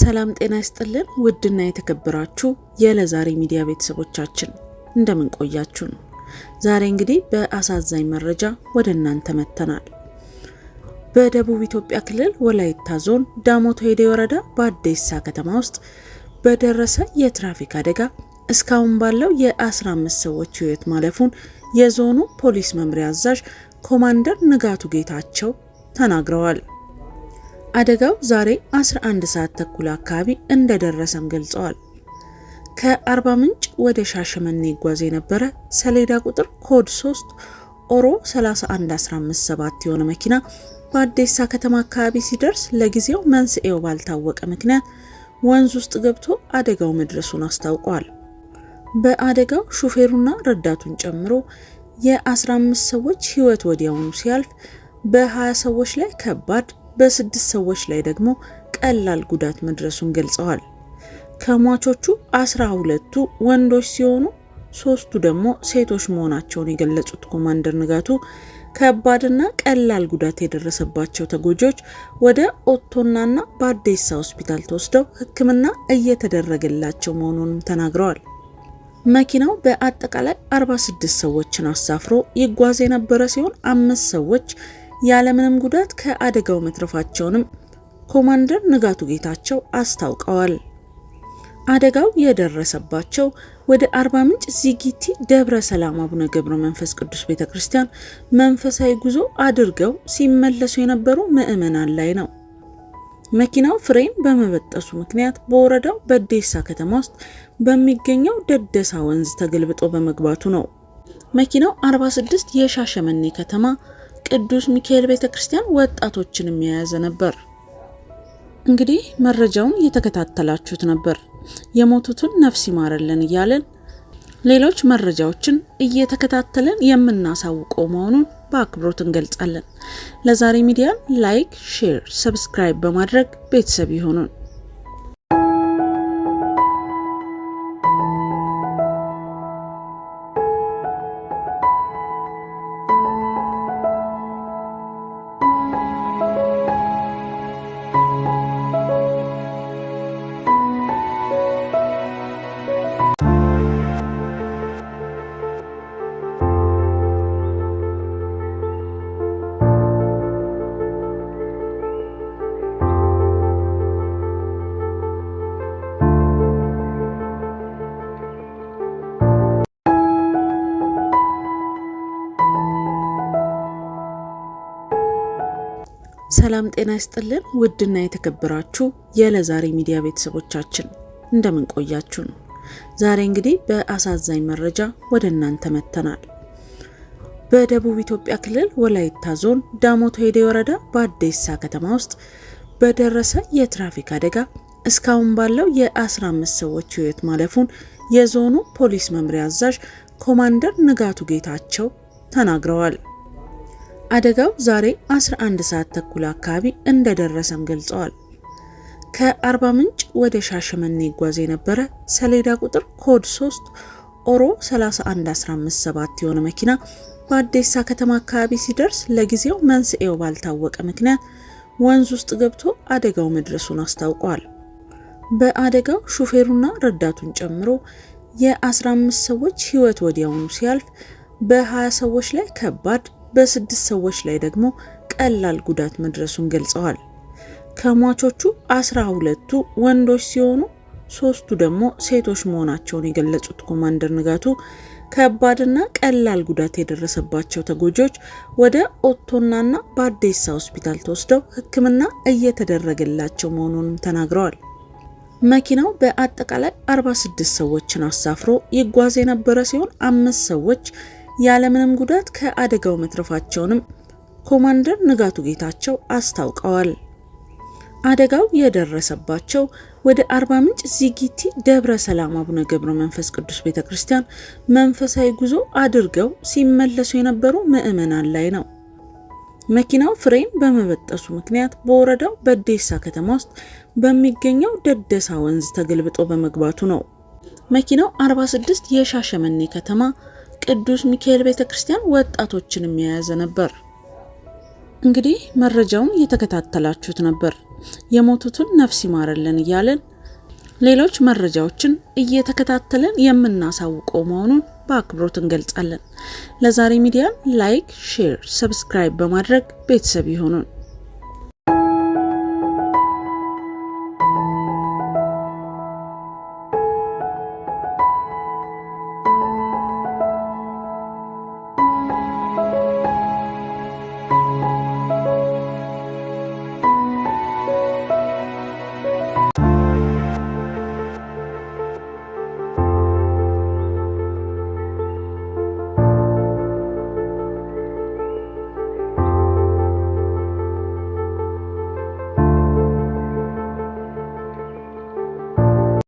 ሰላም ጤና ይስጥልን። ውድና የተከበራችሁ የለዛሬ ሚዲያ ቤተሰቦቻችን እንደምን ቆያችሁ ነው? ዛሬ እንግዲህ በአሳዛኝ መረጃ ወደ እናንተ መጥተናል። በደቡብ ኢትዮጵያ ክልል ወላይታ ዞን ዳሞት ሄዴ ወረዳ በአዴሳ ከተማ ውስጥ በደረሰ የትራፊክ አደጋ እስካሁን ባለው የ15 ሰዎች ህይወት ማለፉን የዞኑ ፖሊስ መምሪያ አዛዥ ኮማንደር ንጋቱ ጌታቸው ተናግረዋል። አደጋው ዛሬ 11 ሰዓት ተኩል አካባቢ እንደደረሰም ገልጸዋል። ከአርባ ምንጭ ወደ ሻሸመኔ ይጓዝ የነበረ ሰሌዳ ቁጥር ኮድ 3 ኦሮ 31157 የሆነ መኪና በአዴሳ ከተማ አካባቢ ሲደርስ ለጊዜው መንስኤው ባልታወቀ ምክንያት ወንዝ ውስጥ ገብቶ አደጋው መድረሱን አስታውቋል። በአደጋው ሹፌሩና ረዳቱን ጨምሮ የ15 ሰዎች ሕይወት ወዲያውኑ ሲያልፍ በ20 ሰዎች ላይ ከባድ በስድስት ሰዎች ላይ ደግሞ ቀላል ጉዳት መድረሱን ገልጸዋል። ከሟቾቹ አስራ ሁለቱ ወንዶች ሲሆኑ ሶስቱ ደግሞ ሴቶች መሆናቸውን የገለጹት ኮማንደር ንጋቱ ከባድና ቀላል ጉዳት የደረሰባቸው ተጎጂዎች ወደ ኦቶናና በአዴሳ ሆስፒታል ተወስደው ሕክምና እየተደረገላቸው መሆኑንም ተናግረዋል። መኪናው በአጠቃላይ 46 ሰዎችን አሳፍሮ ይጓዝ የነበረ ሲሆን አምስት ሰዎች ያለምንም ጉዳት ከአደጋው መትረፋቸውንም ኮማንደር ንጋቱ ጌታቸው አስታውቀዋል። አደጋው የደረሰባቸው ወደ አርባ ምንጭ ዚጊቲ ደብረ ሰላም አቡነ ገብረ መንፈስ ቅዱስ ቤተ ክርስቲያን መንፈሳዊ ጉዞ አድርገው ሲመለሱ የነበሩ ምዕመናን ላይ ነው። መኪናው ፍሬን በመበጠሱ ምክንያት በወረዳው በዴሳ ከተማ ውስጥ በሚገኘው ደደሳ ወንዝ ተገልብጦ በመግባቱ ነው። መኪናው 46 የሻሸመኔ ከተማ ቅዱስ ሚካኤል ቤተ ክርስቲያን ወጣቶችንም የያዘ ነበር። እንግዲህ መረጃውን እየተከታተላችሁት ነበር። የሞቱትን ነፍስ ይማረልን እያለን ሌሎች መረጃዎችን እየተከታተለን የምናሳውቀው መሆኑን በአክብሮት እንገልጻለን። ለዛሬ ሚዲያን ላይክ፣ ሼር፣ ሰብስክራይብ በማድረግ ቤተሰብ ይሆኑን። ሰላም ጤና ይስጥልን ውድና የተከበራችሁ የለዛሬ ሚዲያ ቤተሰቦቻችን እንደምን ቆያችሁ ነው። ዛሬ እንግዲህ በአሳዛኝ መረጃ ወደ እናንተ መጥተናል። በደቡብ ኢትዮጵያ ክልል ወላይታ ዞን ዳሞት ሄዴ ወረዳ በአዴሳ ከተማ ውስጥ በደረሰ የትራፊክ አደጋ እስካሁን ባለው የ15 ሰዎች ሕይወት ማለፉን የዞኑ ፖሊስ መምሪያ አዛዥ ኮማንደር ንጋቱ ጌታቸው ተናግረዋል። አደጋው ዛሬ 11 ሰዓት ተኩል አካባቢ እንደደረሰም ገልጸዋል። ከአርባ ምንጭ ወደ ሻሸመኔ ይጓዝ የነበረ ሰሌዳ ቁጥር ኮድ 3 ኦሮ 31157 የሆነ መኪና በአዴሳ ከተማ አካባቢ ሲደርስ ለጊዜው መንስኤው ባልታወቀ ምክንያት ወንዝ ውስጥ ገብቶ አደጋው መድረሱን አስታውቋል። በአደጋው ሹፌሩና ረዳቱን ጨምሮ የ15 ሰዎች ሕይወት ወዲያውኑ ሲያልፍ በ20 ሰዎች ላይ ከባድ በስድስት ሰዎች ላይ ደግሞ ቀላል ጉዳት መድረሱን ገልጸዋል። ከሟቾቹ አስራ ሁለቱ ወንዶች ሲሆኑ ሶስቱ ደግሞ ሴቶች መሆናቸውን የገለጹት ኮማንደር ንጋቱ ከባድና ቀላል ጉዳት የደረሰባቸው ተጎጂዎች ወደ ኦቶናና በአዴሳ ሆስፒታል ተወስደው ሕክምና እየተደረገላቸው መሆኑንም ተናግረዋል። መኪናው በአጠቃላይ 46 ሰዎችን አሳፍሮ ይጓዝ የነበረ ሲሆን አምስት ሰዎች ያለምንም ጉዳት ከአደጋው መትረፋቸውንም ኮማንደር ንጋቱ ጌታቸው አስታውቀዋል። አደጋው የደረሰባቸው ወደ አርባ ምንጭ ዚጊቲ ደብረ ሰላም አቡነ ገብረ መንፈስ ቅዱስ ቤተ ክርስቲያን መንፈሳዊ ጉዞ አድርገው ሲመለሱ የነበሩ ምዕመናን ላይ ነው። መኪናው ፍሬን በመበጠሱ ምክንያት በወረዳው በዴሳ ከተማ ውስጥ በሚገኘው ደደሳ ወንዝ ተገልብጦ በመግባቱ ነው። መኪናው 46 የሻሸመኔ ከተማ ቅዱስ ሚካኤል ቤተ ክርስቲያን ወጣቶችንም የያዘ ነበር። እንግዲህ መረጃውን እየተከታተላችሁት ነበር። የሞቱትን ነፍስ ይማረልን እያለን ሌሎች መረጃዎችን እየተከታተለን የምናሳውቀው መሆኑን በአክብሮት እንገልጻለን። ለዛሬ ሚዲያን ላይክ፣ ሼር፣ ሰብስክራይብ በማድረግ ቤተሰብ ይሆኑን። Thank you.